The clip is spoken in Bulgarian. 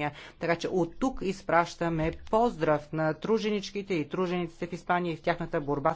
Испания. Така че от тук изпращаме поздрав на труженичките и тружениците в Испания и в тяхната борба